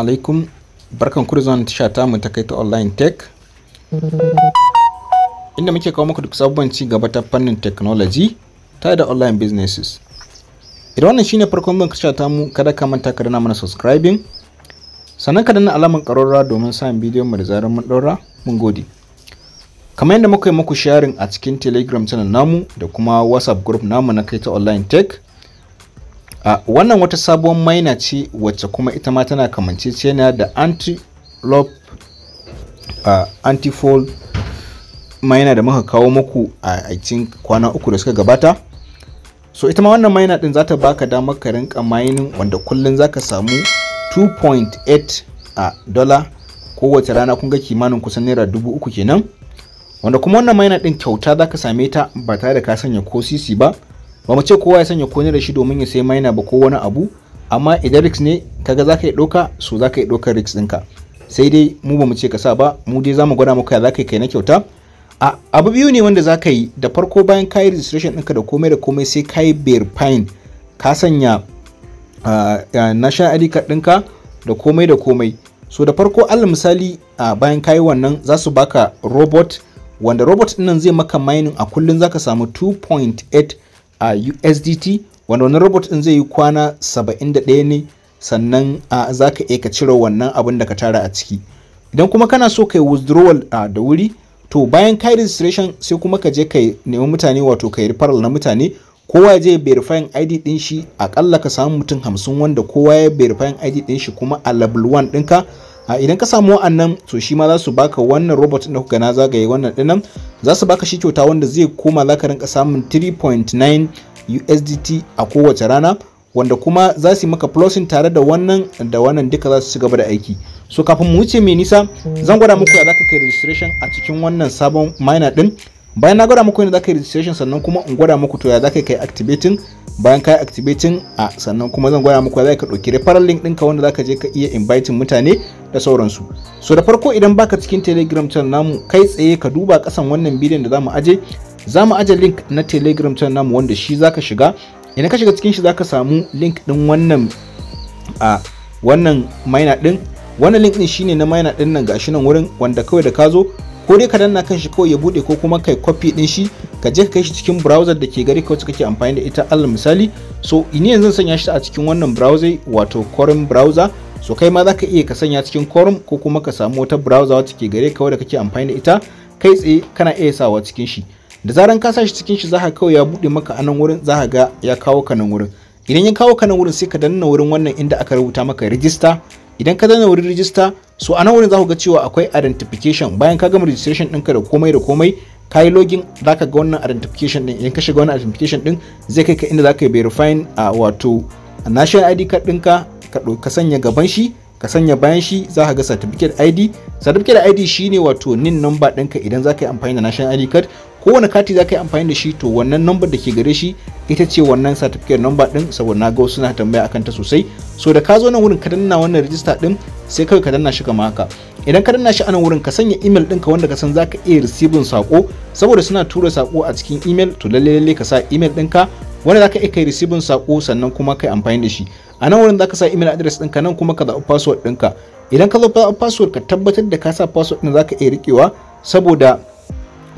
alaikum barkan ku zuwa tasha ta mu ta kai ta online tech inda muke kawo muku duk sabon ci gaba ta fannin technology ta da online businesses idan wannan shine farkon bin tasha ta mu kada ka manta ka dana mana subscribing sannan ka dana alamar karora domin samun bidiyon mu da zarar mun daura mun gode kamar yadda muka yi muku sharing a cikin telegram channel namu da kuma whatsapp group namu na kai ta online tech wannan wata sabuwar maina ce wacce kuma ita ma tana kamanceceniya da antilop uh, antifold maina da muka kawo muku a cikin kwana uku da suka gabata so ita ma wannan maina din za ta baka damar ka rinka mining wanda kullum za ka samu 2.8 a dollar kowace rana kun ga kimanin kusan naira dubu uku kenan wanda kuma wannan maina din kyauta za ka same ta ba tare da ka sanya ko sisi ba ba mu ce kowa ya sanya kone da shi domin ya sai maina ba ko wani abu amma idan risk ne kaga za ka yi ɗauka so za yi daukar risk ɗinka sai dai mu ba mu ce ka sa ba mu dai za mu gwada maka za ka yi kai na kyauta a abu biyu ne wanda zaka yi da farko bayan ka yi registration ɗinka da komai da komai sai ka yi verifying ka sanya national id card ɗinka da komai da komai so da farko alal misali a bayan kayi wannan za su baka robot wanda robot nan zai maka mining a kullum zaka samu 2.8 a USDT wanda wannan robot ɗin zai yi kwana 71 ne sannan za ka iya ka cire wannan abin da ka tara a ciki idan kuma kana so ka yi withdrawal da wuri to bayan kai registration sai kuma ka je ka nemi mutane wato kai referral na mutane kowa je verifying ID din shi akalla ka samu mutum hamsin wanda kowa ya verifying ID din shi kuma a level 1 ɗinka a idan ka samu wa'annan to shi ma za su baka wannan robot da kuka na zagaye wannan dinnan za su baka shi kyauta wanda zai koma za ka rinka samun 3.9 USDT a kowace rana wanda kuma za su yi maka plusin tare da wannan da wannan duka za su ci gaba da aiki so kafin mu wuce mai nisa zan gwada muku ya za ka kai registration a cikin wannan sabon miner din bayan na gwada muku yadda zaka yi registration sannan kuma in gwada muku to ya ka kai activating bayan kai activating a sannan kuma zan gwada muku ya zaka dauki referral link ɗinka wanda ka je ka iya inviting mutane da sauransu so da farko idan baka cikin telegram channel namu kai tsaye ka duba kasan wannan bidiyon da za zamu aje zamu aje link na telegram channel namu wanda shi zaka shiga idan ka shiga cikin shi zaka samu link din wannan a wannan minor din wannan link ɗin shine na minor din nan gashi nan wurin wanda kawai da ka zo ko dai ka danna kan shi kawai ya bude ko kuma kai copy din shi ka je ka kai shi cikin browser da ke gari kawai kake amfani da ita alal misali so ini yanzu sanya shi a cikin wannan browser wato Chrome browser so kai ma zaka iya ka sanya cikin Chrome ko kuma ka samu wata browser wacce ke gare ka da kake amfani da ita kai tsaye kana iya sawa cikin shi da zaran ka sa shi cikin shi zaka kawai ya bude maka anan nan wurin zaka ga ya kawo ka nan wurin idan ya kawo ka nan wurin sai ka danna wurin wannan inda aka rubuta maka register idan ka zana wurin rijista so a nan wurin za ku ga cewa akwai identification bayan ka gama registration ɗinka da komai da komai kayi login za ka ga wannan identification ɗin idan ka shiga wannan identification ɗin zai kai ka inda za ka yi verifying a wato national id card ɗinka ka sanya gaban shi ka sanya bayan shi za ka ga certificate id certificate id shine wato nin number ɗinka idan za ka yi amfani da national id card kowane kati za ka yi amfani da shi to wannan number da ke gare shi ita ce wannan certificate number din saboda na ga suna tambaya akan ta sosai so da ka zo nan wurin ka danna wannan register din sai kawai ka danna shi kamar haka idan ka danna shi a nan wurin ka sanya email ɗinka wanda ka san za ka iya receiving sako saboda suna tura sako a cikin email to lalle lalle ka sa email ɗinka wanda za ka iya kai receiving sako sannan kuma kai amfani da shi a nan wurin za ka sa email address ɗinka nan kuma ka zaɓi password ɗinka idan ka zo password ka tabbatar da ka sa password ɗin za ka iya riƙewa saboda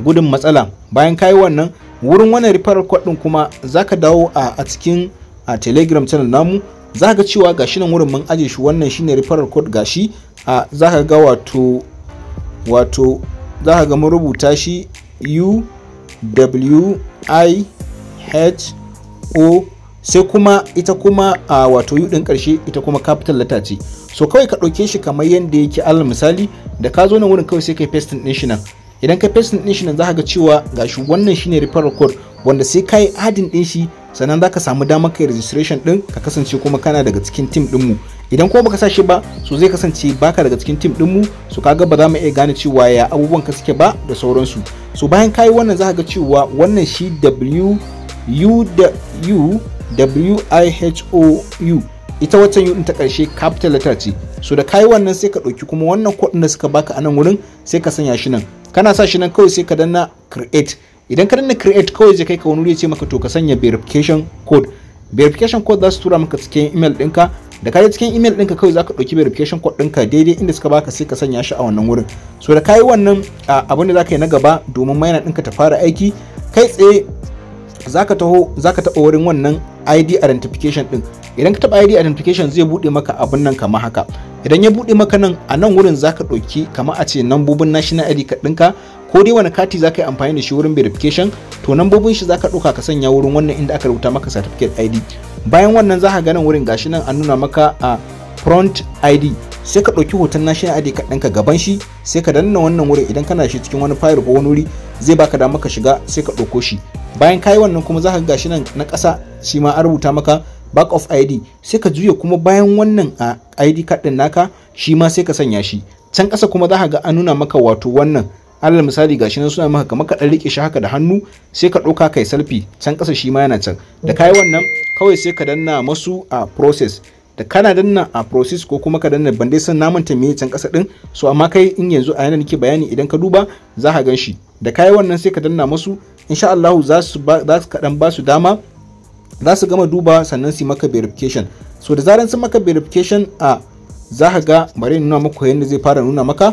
gudun matsala bayan kayi wannan wurin wannan referral code kuma kuma zaka dawo a, a cikin a telegram channel namu za ga cewa ga shi nan wurin mun aje shi wannan shine kwad ga shi a za ka ga wato wato za ka ga mun shi u w i h o sai kuma ita kuma a wato u din karshe ita kuma capital letter ce so kawai ka ɗauke shi kamar yadda yake alal misali da ka zo nan wurin kawai sai kai pasting din shi nan idan ka paste din shi nan zaka ga cewa gashi wannan shine referral code wanda sai kai adin din shi sannan zaka samu damar kai registration din ka kasance kuma kana daga cikin team din mu idan ko baka sa shi ba so zai kasance baka daga cikin team din mu so kaga ba za mu iya gane cewa ya abubuwan ka suke ba da sauransu so bayan kai wannan zaka ga cewa wannan shi W U U W I H O U ita watan U ta karshe capital letter ce so da kai wannan sai ka dauki kuma wannan kodin da suka baka a nan wurin sai ka sanya shi nan kana sa shi nan kawai sai ka danna create idan ka danna create kawai zai kai ka wani ce maka to ka sanya verification code verification code za su tura maka cikin email ɗinka da ka cikin email ɗinka kawai za ka ɗauki verification code ɗinka daidai inda suka baka sai ka sanya shi a wannan wurin so da ka yi wannan abin da za ka yi na gaba domin maina ɗinka ta fara aiki kai tsaye zaka taho zaka taɓa wurin wannan ID identification din idan ka taɓa ID identification zai buɗe maka abin nan kamar haka idan ya buɗe maka nan a nan wurin zaka ɗauki kamar a ce nambobin national ID ɗinka ko dai wani kati zaka yi amfani da shi wurin verification to nambobin shi zaka ɗauka ka sanya wurin wannan inda aka rubuta maka certificate ID bayan wannan za ka ga nan wurin gashi nan an nuna maka a front ID sai ka ɗauki hoton national ID ka gaban shi sai ka danna wannan wurin idan kana shi cikin wani fayil ko wani wuri zai baka dama ka shiga sai ka ɗauko shi bayan kayi wannan kuma za gashi nan na ƙasa shi ma an rubuta maka back of id sai ka juya kuma bayan wannan a id card din naka shi ma sai ka sanya shi can ƙasa kuma zaka ga an nuna maka wato wannan alal misali gashi nan suna maka kamar ka dan rike shi haka da hannu sai ka ɗauka kai selfie can ƙasa shi ma yana can da kayi wannan kawai sai ka danna masu a process da kana danna a process ko kuma ka danna ban dai san naman ta miye can kasa din so amma kai in yanzu a yana nake bayani idan ka duba za ka gan shi da kayi wannan sai ka danna musu insha Allah za su za su kadan ba su dama za su gama duba sannan su maka verification so da zaran sun maka verification a za ka ga bari nuna muku yanda zai fara nuna maka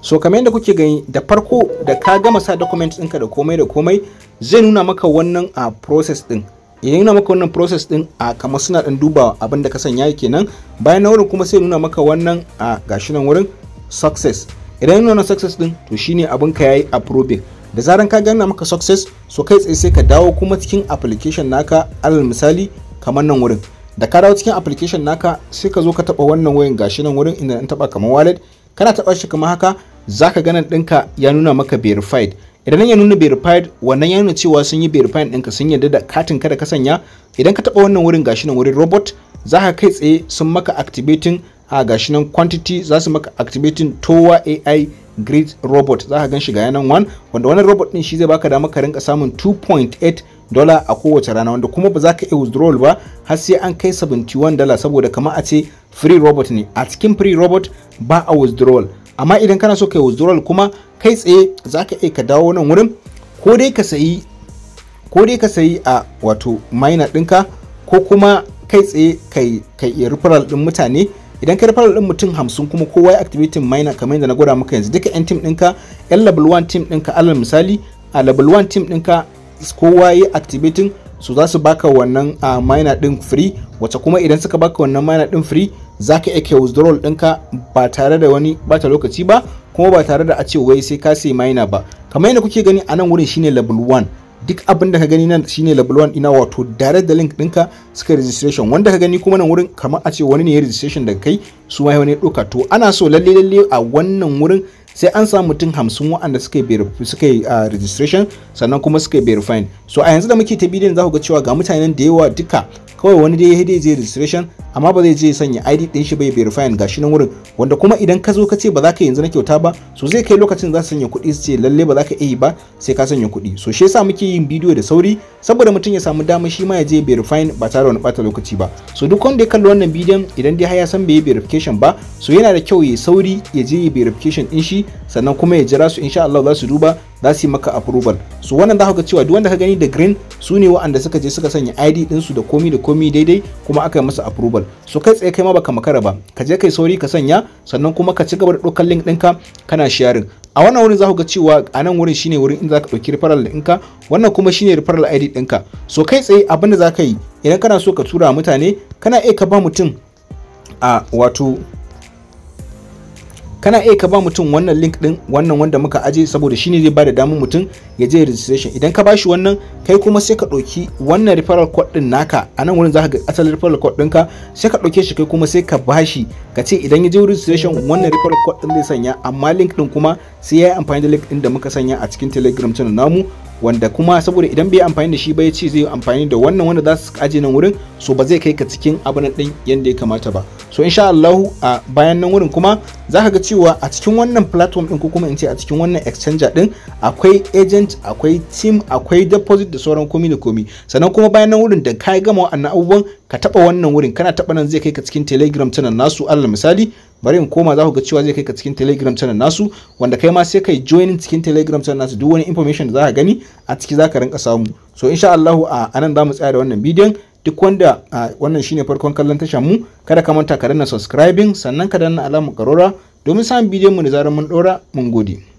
so kamar yadda kuke gani da farko da ka gama sa documents ɗinka da komai da komai zai nuna maka wannan a process ɗin Idan yana maka wannan process din a kamar suna dan duba abin da ka sanya kenan bayan na wurin kuma sai nuna maka wannan a gashi nan wurin success idan wannan success din to shine abin ka yayi approving da zaran ka gana maka success so kai tsaye sai ka dawo kuma cikin application naka alal misali kamar nan wurin da ka dawo cikin application naka sai ka zo ka taba wannan wayan gashi nan wurin inda an taba kamar wallet kana taba shi kamar haka zaka ganin ɗinka ya nuna maka verified idan ya nuna verified wannan ya nuna cewa sun yi verified ɗinka sun yarda da katin ka da ka sanya idan ka taɓa wannan wurin gashi nan wurin robot za ka kai tsaye sun maka activating a gashi nan quantity za su maka activating towa ai grid robot za ka gan shi ga yanan one wanda wannan robot din shi zai baka damar ka rinka samun 2.8 dola a kowace rana wanda kuma ba za ka iya withdrawal ba har sai an kai 71 dala saboda kamar a ce free robot ne a cikin free robot ba a withdrawal amma idan kana so kai withdrawal kuma kai tsaye za ka iya ka dawo nan wurin ko dai ka sayi a wato minor ɗinka ko kuma kai tsaye kai iya referral ɗin mutane idan ka referral ɗin mutum hamsin kuma kowa ya activating minor kamar yadda na gwada maka yanzu duka 'yan team ɗinka 'yan level 1 team ɗinka alal misali a level 1 team ɗinka kowa ya activating su za su baka wannan a mina din free wacce kuma idan suka baka wannan mina din free za ka iya withdrawal ɗinka ba tare da wani bata lokaci ba kuma ba tare da a ce wai sai ka sai mina ba kamar yadda kuke gani a nan wurin shine level 1 duk abin da ka gani nan shine level 1 ina wato direct da link ɗinka suka registration wanda ka gani kuma nan wurin kamar a ce wani ne ya registration daga kai su ma wani ya ɗauka to ana so lalle lalle a wannan wurin sai an samu mutum hamsin waɗanda suka ah, yi registration sannan kuma suka yi verifying so a yanzu da muke ta bidiyon za ku ga cewa ga mutanen da yawa duka kawai wani dai ya je registration amma ba zai je sanya ID din shi bai verifying gashi nan wurin wanda kuma idan ka zo ka ce ba za ka yanzu na kyauta ba so zai kai lokacin za su sanya kuɗi su ce lalle ba za ka yi ba sai ka sanya kuɗi so shi yasa muke yin bidiyo da sauri saboda mutum ya samu dama shi ma ya je verifying ba tare da wani bata lokaci ba so duk wanda ya kalli wannan bidiyon idan dai har ya san bai yi verification ba so yana da kyau ya sauri ya je ya verification din shi sannan kuma ya jira su insha Allah za su duba za su yi maka approval su wannan za ka cewa duk wanda ka gani da green su ne wa'anda suka je suka sanya ID din su da komi da komi daidai kuma aka yi masa approval so kai tsaye kai ma baka makara ba ka je kai sauri ka sanya sannan kuma ka ci gaba da ɗaukar link ɗinka kana sharing a wannan wurin za ku ga cewa a nan wurin shine wurin in za ka ɗauki referral ɗinka wannan kuma shine referral ID ɗinka so kai tsaye abin da za ka yi idan kana so ka tura mutane kana iya ka ba mutum a wato kana iya ka ba mutum wannan link din wannan wanda muka aje saboda shine zai bada damar mutum ya je registration idan ka bashi wannan kai kuma sai ka dauki wannan referral code din naka a nan wurin zaka ga asalin referral code ka sai ka dauke shi kai kuma sai ka bashi ka ce idan ya je registration wannan referral code din zai sanya amma link din kuma sai ya yi amfani da link ɗin da muka sanya a cikin telegram channel namu wanda kuma saboda idan bai amfani da shi ba ya ce zai amfani da wannan wanda za su aje nan wurin so ba zai kai ka cikin abin din yadda ya kamata ba so insha Allah a bayan nan wurin kuma za ka ga cewa a cikin wannan platform din ko kuma in ce a cikin wannan exchanger din akwai agent akwai team akwai deposit da sauran komi da komi sannan kuma bayan nan wurin da ka gama wannan abubuwan ka taba wannan wurin kana taba nan zai kai ka cikin telegram channel nasu allah misali bari in koma za ku ga cewa zai kai ka cikin telegram channel nasu wanda kai ma sai kai joining cikin telegram channel nasu duk wani information da za ka gani a ciki za ka rinka samu so insha Allahu a anan zamu mu tsaya da wannan bidiyon duk wanda wannan shine farkon kallon tashar mu kada ka manta ka danna subscribing sannan ka danna alamar karora domin samun bidiyon mu da zarar mun dora mun gode